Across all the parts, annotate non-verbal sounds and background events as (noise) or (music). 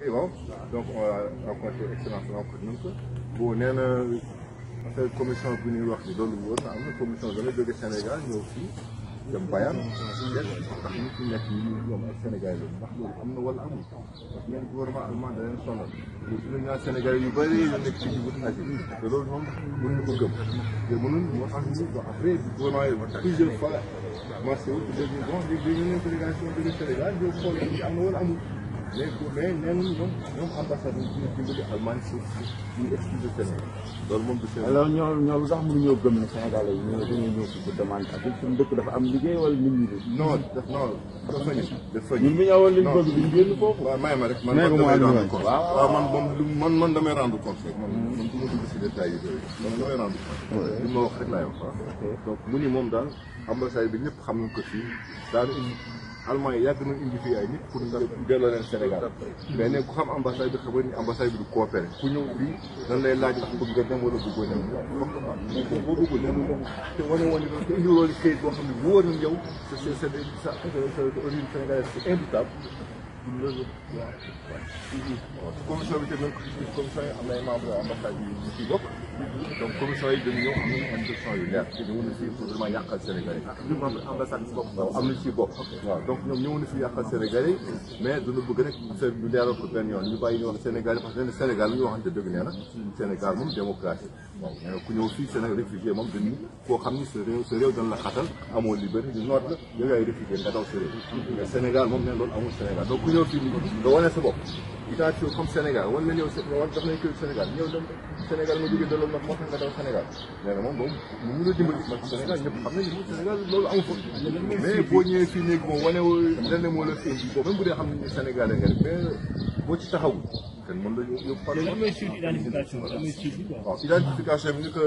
Nederland. Donc, on a rencontré excellence rencontre. Bon, nee na parce que commission bu ñuy wax ni loolu wóor na am na commission dana jóge Sénégal ñëw fii dem Bayern ndax ñu fi nekk ñu ñoom ak Sénégal yi ndax loolu am na wala amul parce que ñoom gouvernement allemand da leen sonal suñu ñaan Sénégal yu bëri yu nekk ci wut asile te loolu moom mënuñu ko gëm te mënuñ moo tax ñu ba après gouvernement yi plusieurs fois marché wu dégg bon dégg ñu ne délégation de Sénégal yow xool am na wala amul léegi mais nee nañ ñoom ñoom ambassade yi ñu dimbali Allemagne suuf si ñu excuse Sénégal loolu moom du seen. alors ñoom ñoom sax mënuñoo gëm ne Sénégalais yi ñoo dañoo ñëw pour demande ak suñu dëkk dafa am liggéey wala nit ñi de. non non dafa ñu dafa ñu. ñun bu ñu awoon liñ bëgg duñ génn foofu. waaw may ma rek man man damay rendre compte waaw man moom man man damay rendre compte rek man man du ma dugg si détails yi man damay rendre compte. li ma wax rek laay wax waaw. Ah. donc mu ni moom daal ambassade bi ñëpp xam nañ ko fii daal allemand yi yàgg nañu indi fii ay nit pour delloo leen Sénégal mais ne ku xam ambassade bi xamal ni ambassade bi du coopéré ku ñëw fii dañ lay laaj wax bëgg nga dem wala bëggoo dem boo bëggul dem te wane woon te indi woon këyit boo xam ne wóor na yow sa sa sa origine sénégalaise c'est indubitable commission bi yi am na donc commission yi dañu ñëw am nañu intention yu leer te ñëwoon na fii pour vraiment yàqal Sénégal yi ah, ambassade si si bopp waaw donc ñoom ñëwoon na fii yàqal Sénégal yi mais dana bëgg rek affaire bi leeral ko yoon ñu bàyyi ñu wax Sénégal yi parce que Sénégal lu ñu waxante dëgg nee na Sénégal moom démocratie waaw ku ñëw fii Sénégal réfugié moom dañu koo xam ni sa réew sa réew dana la xatal amoo liberté ñu noot la da ngay réfugié nga daw sa mm-hmm. Sénégal moom nee loolu amul Sénégal état comme Sénégal war na ñëw war daf nañ kër Sénégal ñëw dem Sénégal nga jógee daloon nag moo tax nga daw Sénégal nee na moom moom mu mun a dimbali man Sénégal ñëpp xam nañu moom Sénégal loolu amu fa mais boo ñëwee fii néegi moom wane lenn moo la fii boo même bu dee xam nañu Sénégal nga def mais boo ci taxawul kenn mën la yóbbu par waaw identification bi ni que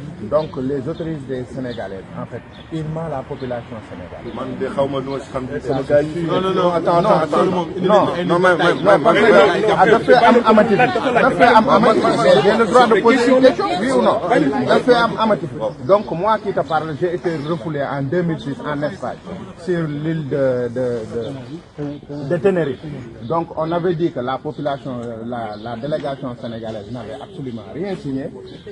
donc les autorités sénégalaises en fait uniquement la population sénégalaise. non non non attends non non donc moi qui te parle j'ai été refoulé en 2006 en Espagne sur l'île de de de donc on avait dit que la population euh, la la délégation sénégalaise n'avait absolument rien signé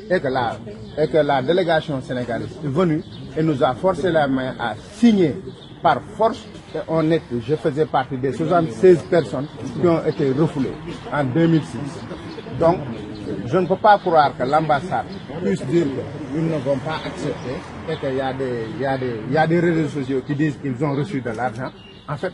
et que la et que la délégation sénégalaise est venue et nous a forcé la main à signer par force. Et on je faisais partie des 76 personnes qui ont été refoulées en 2006. Donc, je ne peux pas croire que l'ambassade puisse dire qu'ils ne vont pas accepter et qu'il y, y, a des réseaux sociaux qui disent qu'ils ont reçu de l'argent. En fait,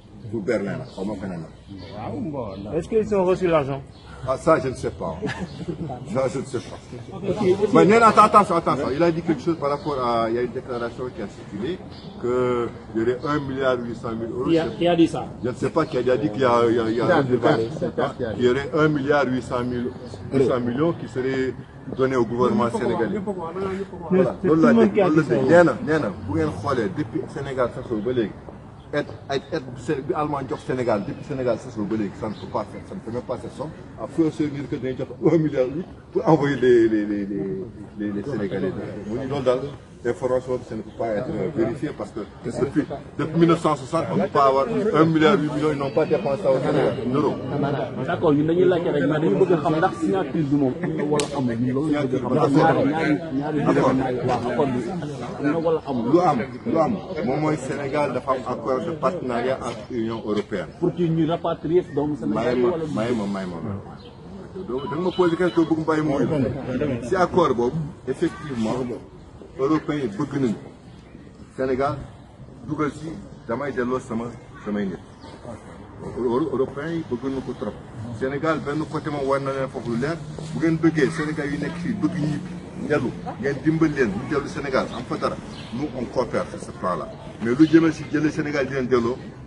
Pour Berlin, là, Est-ce qu'ils ont reçu l'argent ah, ça, je ne sais pas. (laughs) Ça, je ne sais pas. Mais non, Il a dit quelque chose par rapport à. Il y a une déclaration qui a circulé qu'il y aurait 1 milliard 800 000 euros. Qui a, dit ça Je ne sais pas qui a, dit qu'il y, a, il y, a, il y, a, il y aurait 1 milliard 800 000 millions qui seraient donné au gouvernement sénégalais. Voilà. Depuis le Sénégal, ça se être être être bi au Sénégal depuis Sénégal ça ne peut pas faire ça ne peut même pas faire somme à faire servir que dañuy jox un milliard pour envoyer les les les les les Sénégalais mu ñu information ça ne peut pas être euh, vérifié parce que depuis, depuis 1960, on ne peut pas avoir 1 milliard, 8 millions, ils n'ont pas dépensé au Sénégal. D'accord, nous dañuy laajte rek mais nous bëgg a xam ndax signature bi moom am na wala amul loolu bëgg xam ndax ñaari ñaari ñaari waaw accord bi am na wala amul. lu am lu am moom mooy Sénégal dafa am accord de partenariat entre l'Union européenne. pour que nous rapatrier doomu Sénégal Maïma. wala. may ma may ma da nga ma posé question bëgg mbay mu accord Bob. effectivement européens yi bëgg nañu Sénégal dugal ci damay delloo sama samay nit européens yi bëgg na ko trop Sénégal benn côté moom war na leen foofu lu leer bu ngeen bëggee Sénégal yi nekk ci bëgg ñibbi dellu ngeen dimbal leen ñu dellu Sénégal am fa dara nous on coopère sur ce plan là mais lu jëmee si jëlee Sénégal di leen delloo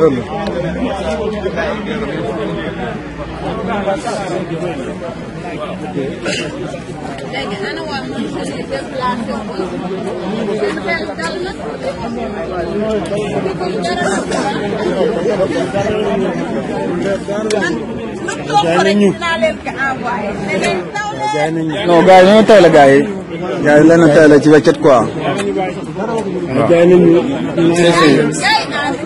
Öyle. léegi ana waa monsieur déplacé wu seen xel dal na ko rek